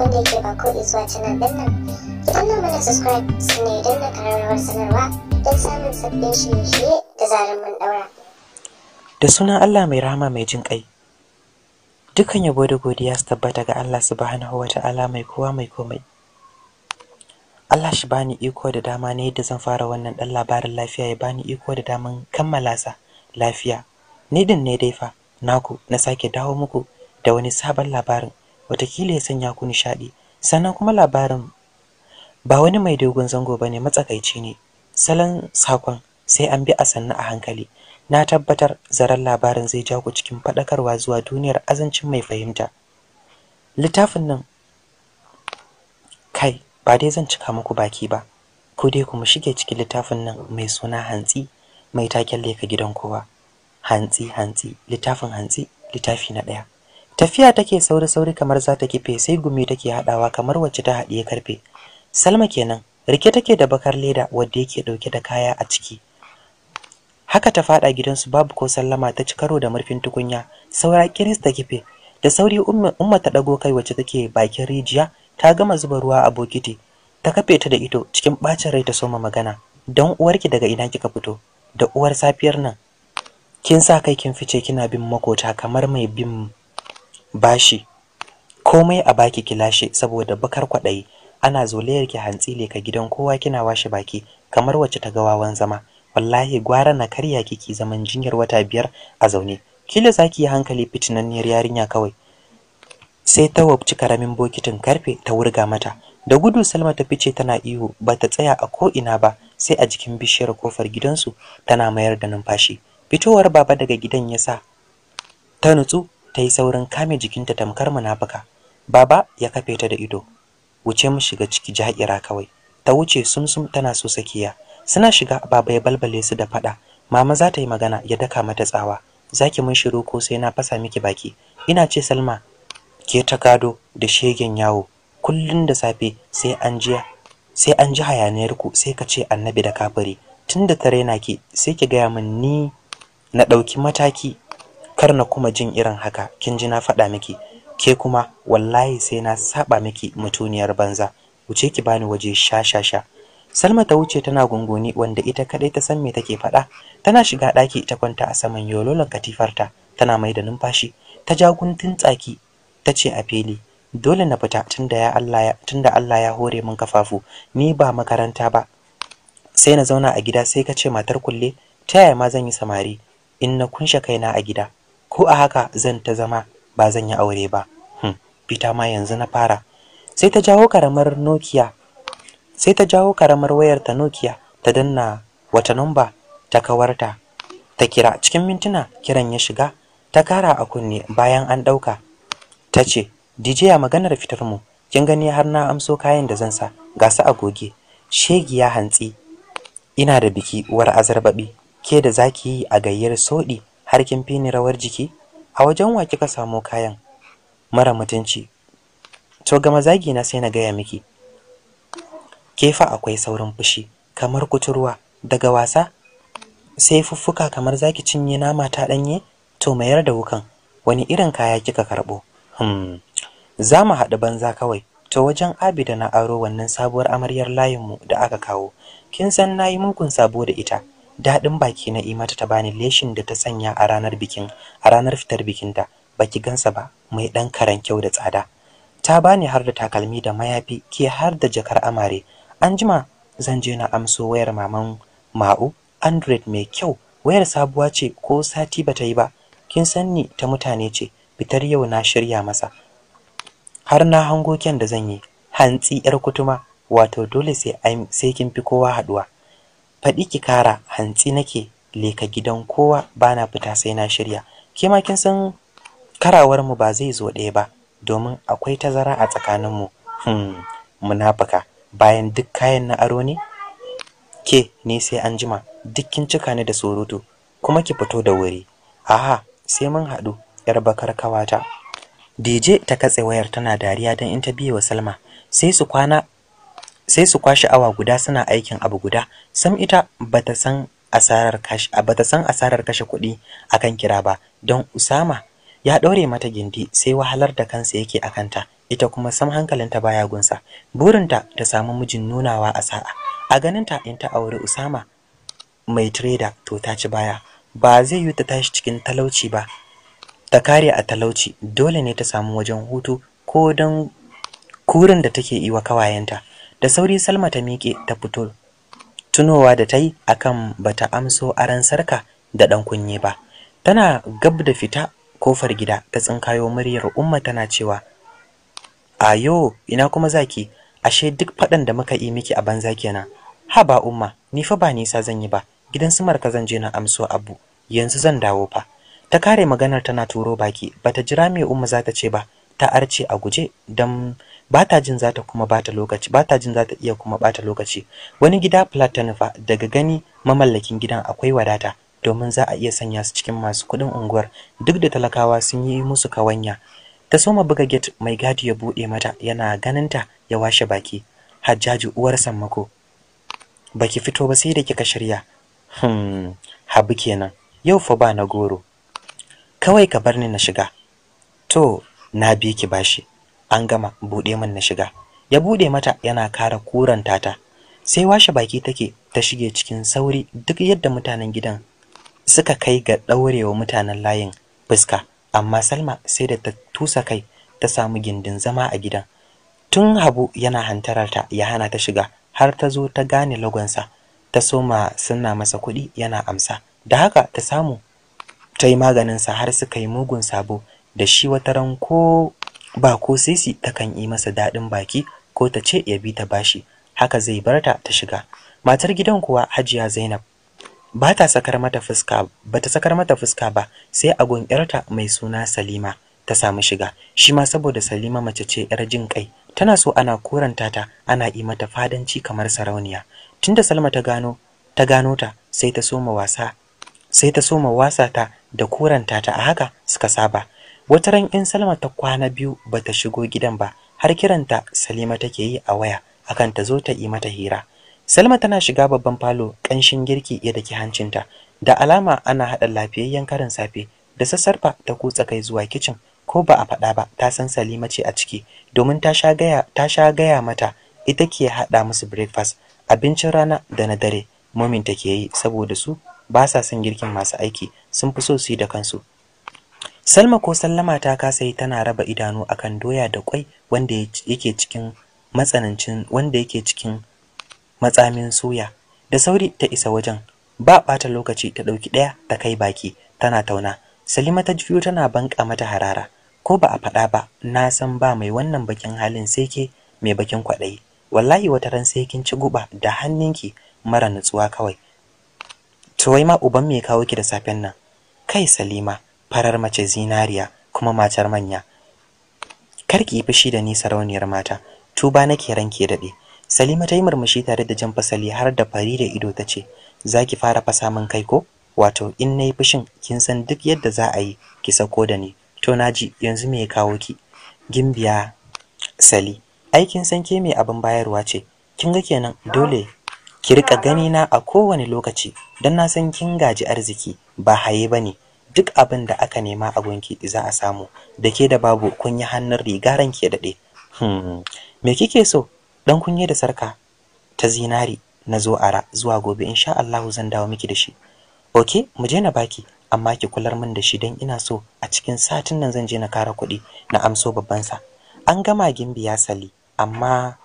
da ba subscribe sanarwa don samun sabbin shirye da sunan Allah mai rahama mai jin kai dukan yabo da godiya su tabbata ga Allah subhanahu wa ta'ala mai kowa mai komai Allah shi bani iko da dama ne yadda zan fara wannan dan labarin lafiya ya bani iko da daman kammala sa lafiya ni din ne dai fa naku na sake dawo muku da wani sabon labarin watakila ya sanya ku nishaɗi sannan kuma labarin ba wani mai dogon zango ba ne matsakaici ne salon sakon sai an bi a sannu a hankali na tabbatar zaren labarin zai ja ku cikin faɗakarwa zuwa duniyar azancin mai fahimta littafin nan kai ba dai zan cika muku baki ba ku dai kuma shige cikin littafin nan mai suna hantsi mai taken leka gidan kowa hantsi hantsi littafin hantsi littafi na ɗaya tafiya take sauri sauri kamar za ta kife sai gumi take haɗawa kamar wacce ta haɗiye karfe salma kenan rike take da bakar leda wadda yake dauke da kaya a ciki haka ta faɗa su babu ko sallama ta ci karo da murfin tukunya saura kiris ta kife da sauri umma ta ɗago kai wacce take bakin rijiya ta gama zuba ruwa a bokiti ta kafe ta da ito cikin bacin rai ta soma magana don uwarki daga ina kika fito da uwar safiyar nan kin sa kai kin fice kina bin makota kamar mai bin bashi komai a baki kilashi, saboda bakar kwaɗayi ana zolayar ki hantsi leka gidan kowa kina washe baki kamar wacce ta ga wawan zama wallahi gwara na karya kiki zaman jinyar wata biyar a zaune kila zaki yi hankali fitinanniyar yarinya kawai sai ta wabci karamin bokitin karfe ta wurga mata da gudu salma ta fice tana ihu ba ta tsaya a ko ina ba sai a jikin bishiyar kofar gidansu tana mayar da numfashi fitowar baba daga gidan yasa ta nutsu ta yi saurin kame jikinta tamkar munafuka baba ya kafe ta da ido wuce mu shiga ciki jahira kawai ta wuce sumsum tana so sakiya suna shiga baba ya balbale su da fada mama za ta yi magana ya daka mata tsawa zaki mun shiru ko sai na fasa miki baki ina ce salma ke ta gado da shegen yawo kullun da safe sai an jiya sai an ji hayaniyar ku sai ka ce annabi da kafiri tunda tare na ki sai ki gaya mun ni na ɗauki mataki kar na kuma jin irin haka kin ji na faɗa miki ke kuma wallahi sai na saba miki mutuniyar banza wuce ki bani waje sha sha sha Salma ta wuce tana gungoni wanda ita kadai ta san me take faɗa tana shiga ɗaki ta kwanta a saman yololon katifarta tana mai da numfashi ta ja guntun tsaki ta ce a fili dole na fita tunda ya Allah ya tunda Allah ya hore min kafafu ni ba makaranta ba sai na zauna a gida sai ka ce matar kulle ta yaya ma zan yi samari in na kunshe kaina a gida ko a haka zan ta zama ba zan yi aure ba hmm. fita ma yanzu na fara sai ta jawo karamar nokia sai ta jawo karamar wayar ta nokia ta danna wata namba ta kawarta ta kira cikin mintuna kiran ya shiga ta kara a kunne bayan an ɗauka ta ce dj a maganar fitar mu kin gani har na amso kayan da zan sa ga su shegi ya hantsi ina da biki uwar azarbabi ke da zaki yi a gayyar soɗi har kin fi ni rawar jiki a wajen wa kika samo kayan mara mutunci to ga mazagi na sai na gaya miki kefa akwai saurin fushi kamar kuturwa daga wasa sai fuffuka kamar zaki cinye nama ta danye to mayar da wukan wani irin kaya kika karbo hmm za mu haɗu banza kawai to wajen abida na aro wannan sabuwar amaryar layinmu da aka kawo kin san nayi mugun sabo da ita daɗin baki na mata ta bani leshin da ta sanya a ranar bikin a ranar fitar bikinta baki gansa ba mai ɗan karan kyau da tsada ta bani har da takalmi da mayafi ke har da jakar amare an jima zan je na amso wayar maman ma'u android mai kyau wayar sabuwa ce ko sati bata yi ba kin san ni ta mutane ce fitar yau na shirya masa har na hango ken da zan yi hantsi yar kutuma wato dole sai kin fi kowa haduwa. faɗi ki kara hantsi nake leka gidan kowa bana fita sai na shirya ke ma kin san karawar mu ba zai zo ɗaya ba domin akwai tazara a tsakanin mu hmm munafuka bayan duk kayan na aro ne ke ne sai an jima duk kin cika ni da surutu kuma ki fito da wuri aha sai mun haɗu yar bakar kawata DJ ta katse wayar tana dariya don in ta biye wa Salma sai su kwana sai su kwashi awa guda suna aikin abu guda sam ita bata san asarar kashi bata san asarar kashe kuɗi akan kira ba don Usama ya daure mata gindi sai wahalar da kansa yake akanta ita kuma sam hankalinta baya gunsa burinta ta samu mijin nunawa a sa'a a ganinta in ta auri Usama mai trader to ta ci baya ba zai yi ta tashi cikin talauci ba ta kare a talauci dole ne ta samu wajen hutu ko don kurin da take yi wa kawayenta da sauri Salma ta miƙe ta fito tunowa da ta yi akan bata amso aran sarka da ɗan kunye ba tana gab da fita kofar gida ta tsinkayo muryar umma tana cewa A ayo ina kuma zaki ashe duk faɗan da muka yi miki a banza kenan ba umma ni fa ba nisa zan yi ba gidan su marka zan je na amso abu yanzu zan dawo fa ta kare maganar tana turo baki bata jira me umma za ta ce ba ta arce a guje don ba ta jin zata kuma bata lokaci ba ta jin zata iya kuma bata lokaci wani gida flat daga gani mamallakin gidan akwai wadata domin za a iya sanya su cikin masu kuɗin unguwar duk da talakawa sun yi musu kawanya ta soma buga gate mai gadi ya bude mata yana ganin ta ya washe baki hajjaji uwar sammako baki fito ba sai da kika shirya hmm habu kenan yau fa ba na goro kawai ka barni na shiga to na bi ki bashi an gama buɗe min na shiga ya buɗe mata yana kara kuranta ta sai washe baki take ta shige cikin sauri duk yadda mutanen gidan suka kai ga ɗaurewa mutanen layin fuska amma Salma sai da ta tusa kai ta samu gindin zama a gidan tun Habu yana ta ya hana ta shiga har ta zo ta gane lagonsa ta soma suna masa kuɗi yana amsa da haka ta samu ta yi maganinsa har suka yi mugun sabo da shi wata ran ko ba ko sisi takan yi masa daɗin baki ko ta ce ya bi ta bashi haka zai bar ta ta shiga matar gidan kuwa hajiya zainab ba ta sakar mata fuska ba ta sakar mata fuska ba sai a gun yarta mai suna salima ta samu shiga shi ma saboda salima mace ce yar jin kai tana so ana koranta ta ana yi mata fadanci kamar sarauniya tunda salma ta gano ta gano ta sai ta soma wasa sai ta soma wasa ta da koranta ta a haka suka saba wata ran in Salma ta kwana biyu bata shigo gidan ba har kiranta Salima take yi a waya akan ta zo ta yi mata hira Salma tana shiga babban falo ƙanshin girki ya daki hancinta da alama ana haɗa lafiyayyen karin safe da sassarfa ta kutsa kai zuwa kicin ko ba a faɗa ba ta san Salima ce a ciki domin ta sha gaya mata ita ke haɗa musu breakfast abincin rana da na dare momin take yi saboda su ba sa son girkin masu aiki sun fi so su yi da kansu Salma ko sallama ta kasa yi tana raba idanu akan doya da kwai wanda yake cikin matsanancin wanda yake cikin matsamin soya. Da sauri ta isa wajen, ba bata lokaci ta ɗauki ɗaya ta kai baki tana tauna. Salima ta jiyo tana banka mata harara. Ko ba a faɗa ba, na san ba mai wannan bakin halin sai ke mai bakin kwaɗayi. Wallahi wata ran sai kin ci guba da hannunki mara nutsuwa kawai. To wai ma uban me kawo ki da safen nan? Kai Salima, farar mace zinariya kuma matar manya kar ki fushi da ni sarauniyar mata tuba nake ranke dade Salima ta yi murmushi tare da jan fasali har da fari da ido ta ce za ki fara fasa min kai ko wato in na yi fushin kin san duk yadda za a yi ki sako da ni to naji yanzu me ya kawo ki gimbiya sali Aikin sanke san ke mai abin bayarwa ce kin ga kenan dole ki rika gani na a kowane lokaci don na san kin gaji arziki ba haye bane duk abin da aka nema a gunki za a samu da ke da babu kun yi hannun riga ran ke daɗe hmm, me kike so ɗan kunye da sarka ta zinari na zo ara zuwa gobe in sha Allah zan dawo miki da shi oke mu je na baki amma ki kular min da shi don ina so a cikin satin nan zan je na kara kuɗi na amso babban sa an gama gimbi ya sali amma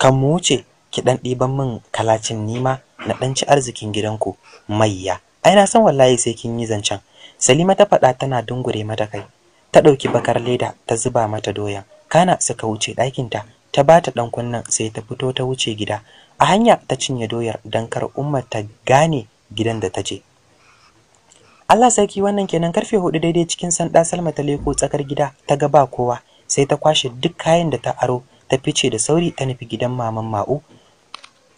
kan mu wuce ki ɗan ɗiban min kalacin nima na ɗan ci arzikin gidanku mayya ai na san wallahi sai kin yi zancen Salima ta faɗa tana dungure mata kai. Ta ɗauki bakar leda ta zuba mata doyan. Kana suka wuce ɗakinta ta ba ta ɗan kunnen sai ta fito ta wuce gida. A hanya ta cinye doyar don kar umma ta gane gidan da ta je. Allah sarki wannan kenan karfe hudu daidai cikin sanda Salma ta leko tsakar gida ta ga ba kowa sai ta kwashe duk kayan da ta aro ta fice da sauri ta nufi gidan maman Ma'u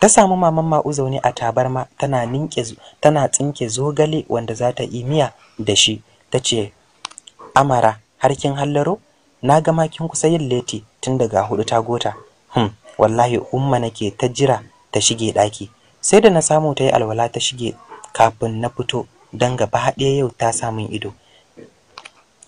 ta samu maman ma'u zaune a tabarma tana ninke tana tsinke zogale wanda za ta yi miya da shi ta ce amara har kin hallaro na ga ma kusa yin leti tun daga hudu ta gota hmm wallahi umma nake ta jira ta shige daki sai da na samu ta yi alwala ta shige kafin na fito don gaba haɗe yau ta samun ido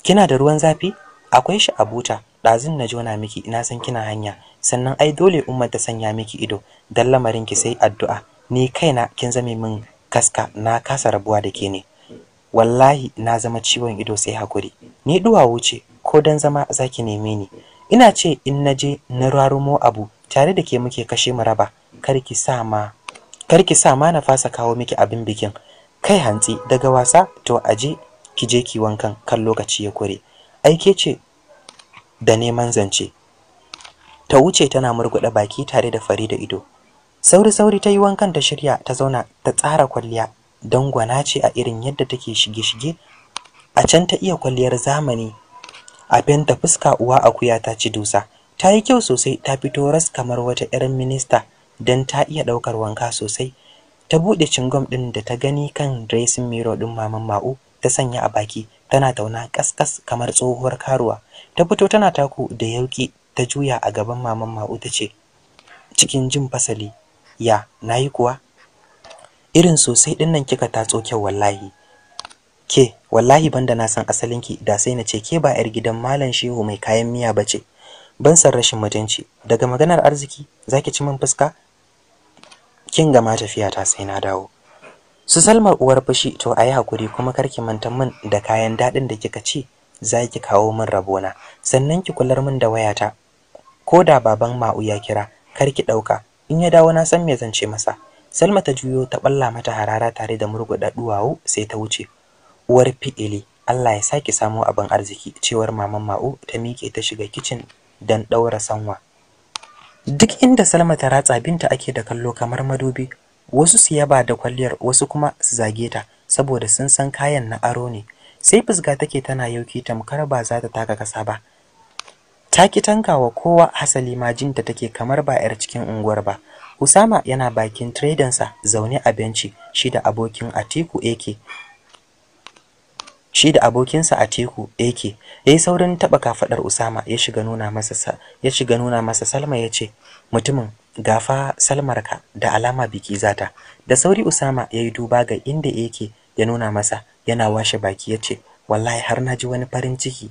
kina da ruwan zafi akwai shi a buta ɗazun na jona miki ina san kina hanya sannan ai dole umma ta sanya miki ido dan lamarin ki sai addu'a ni kaina kin zame min kaska na kasa rabuwa da ke ne wallahi na zama ciwon ido sai hakuri ni duwawu ce ko dan zama zaki neme ni ina ce in naje na rarumo abu tare da ke muke kashe mu raba karki sa ma karki sa ma na fasa kawo miki abin bikin kai hantsi daga wasa to aje ki je ki wankan kan lokaci ya kure aike ce da neman zance ta wuce tana murguɗa baki tare da fari da ido sauri sauri ta yi wankan ta shirya ta zauna ta tsara kwalliya don gwana ce a irin yadda take shige shige a can ta iya kwalliyar zamani a fenta fuska uwa akuya ta ci dusa ta yi kyau sosai ta fito ras kamar wata irin minista don ta iya ɗaukar wanka sosai ta buɗe cingom ɗin da ta gani kan dressing mirror ɗin maman ma'u ta sanya a baki tana tauna kaskas kamar tsohuwar karuwa ta fito tana taku da yauki ta juya a gaban maman Ma'u ta ce cikin jin fasali ya nayi kuwa irin sosai din nan kika tatso kyau wallahi ke wallahi banda na san asalinki da sai na ce ke ba yar gidan malam Shehu mai kayan miya bace ban san rashin mutunci daga maganar arziki zaki ci min fuska kin gama tafiya ta sai na dawo su salmar uwar fushi to yi hakuri kuma karki manta min da kayan daɗin da kika ci zaki kawo min rabona sannan ki kular min da wayata ko da baban Ma'u ya kira kar ki ɗauka in ya dawo na san me zan ce masa Salma ta juyo ta ɓalla mata harara tare da murguɗa duwawu sai ta wuce uwar fi'ili Allah ya saki samo abin arziki cewar maman Ma'u ta miƙe ta shiga kicin dan ɗaura sanwa duk inda Salma ta ratsa binta ake da kallo kamar madubi wasu su yaba da kwalliyar wasu kuma su zage ta saboda sun san kayan na aro ne sai fusga take tana yauki tamkar ba za ta taka kasa ba ta ki tankawa kowa hasali ma jinta take kamar ba 'yar cikin unguwar ba Usama yana bakin tradansa zaune a benci shi da abokin Atiku AK shi da abokinsa Atiku yayi saurin taɓa kafaɗar Usama ya shiga nuna masa sa ya shiga nuna masa Salma yace mutumin gafa Salmarka da alama biki zata da sauri Usama ya yi duba ga inda yake ya nuna masa yana washe baki yace wallahi har na ji wani farin ciki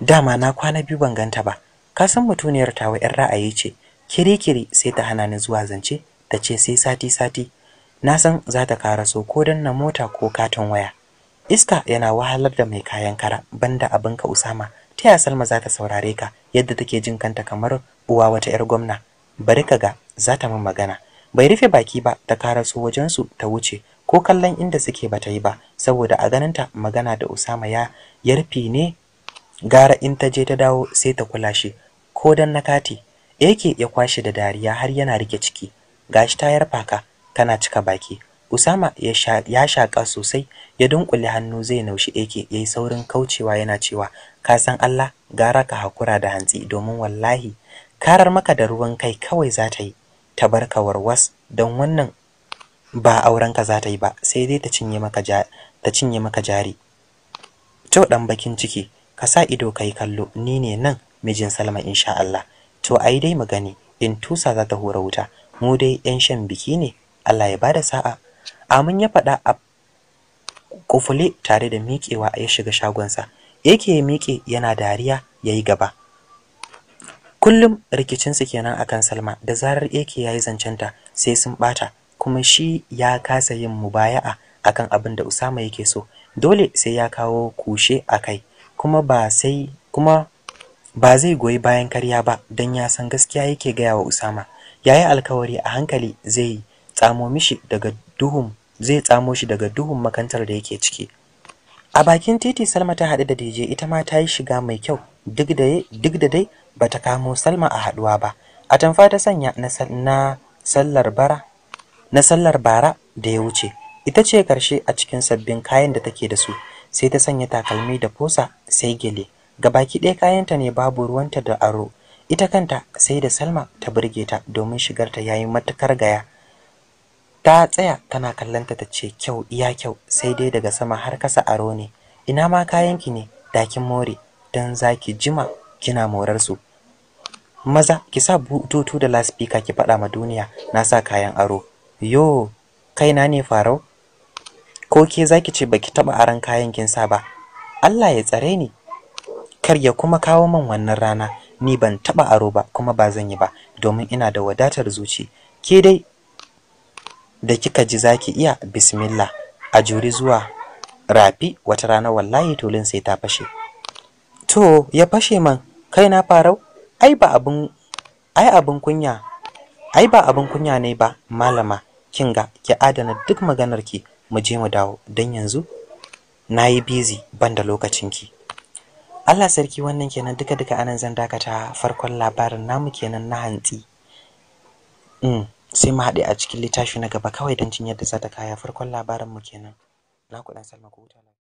dama na kwana biyu ban ganta ba ka san mutuniyar tawa 'yar ra'ayi ce kirikiri sai ta hana ni zuwa zance ta ce sai sati sati na san za ta karaso ko danna mota ko katon waya iska yana wahalar da mai kayan kara banda abin ka usama ta ya salma za ta saurare ka yadda take jin kanta kamar uwa wata yar gwamna bari ka ga za ta min magana bai rufe baki ba ta wajen su ta wuce ko kallon inda suke ba ta yi ba saboda a ganin ta magana da usama ya yarfi ne gara in ta je ta dawo sai ta kula shi ko dan na kati yake ya kwashi da dariya har yana rike ciki gashi ta yarfa ka tana cika baki Usama ya shaƙa sosai ya dunkule hannu zai naushi eke ya yi saurin kaucewa yana cewa ka san Allah gara ka hakura da hantsi domin wallahi karar maka da ruwan kai kawai za ta yi ta bar ka warwas don wannan ba aurenka za ta yi ba sai dai ta cinye maka ta cinye maka jari to dan bakin ciki ka sa ido kai kallo ni ne nan mijin Salma insha Allah to ai dai mu in tusa za ta hura wuta mu dai yan shan biki ne Allah ya bada sa'a A amin ya faɗa a kufule tare da miƙewa ya shiga shagonsa yake miƙe yana dariya yayi gaba kullum rikicinsu kenan akan Salma da zarar yake yayi zancenta sai sun bata kuma shi ya kasa yin mubaya'a akan abin da Usama yake so dole sai ya kawo kushe a kai. kuma ba zai goyi bayan karya ba don ya san gaskiya yake gaya wa Usama. Ya yi alkawari a hankali zai tsamo shi daga duhun makantar da yake ciki. A bakin titi Salma ta haɗu da DJ ita ma ta yi shiga mai kyau duk da dai ba ta kamo Salma a haɗuwa ba. A tamfa ta sanya na sallar bara na sallar bara da ya wuce. Ita ce karshe a cikin sabbin kayan da take da su. sai ta sanya takalmi da fusa sai gele gabaki ɗaya kayanta ne babu ruwanta da aro ita kanta sai da salma ta burge ta domin shigarta ya yi matukar gaya ta tsaya tana kallonta ta ce kyau iya kyau sai dai daga sama har kasa aro ne ina ma kayanki ne dakin more don za ki jima kina morar su maza ki sa bututu da laspika ki faɗa ma duniya na sa kayan aro yo kaina ne farau ko ke zaki ce baki taba aran kayan kin sa ba Allah ya tsare ni kar ya kuma kawo min wannan rana ni ban taba aro ba kuma ba zan yi ba domin ina da wadatar zuci ke dai da kika ji zaki iya bismillah a juri zuwa rafi wata rana wallahi tulin sai ta fashe to ya fashe man kai na farau ai ba abun ai abun kunya ai ba abun kunya ne ba malama kinga ki adana duk maganar ki mu je mu dawo don yanzu na yi busy ban da lokacinki Allah sarki wannan kenan duka duka anan zan dakata farkon labarin namu kenan na hantsi mm. sai mu haɗe a cikin littafi na gaba kawai don jin yadda za ta kaya farkon labarin mu kenan na dan salma ku huta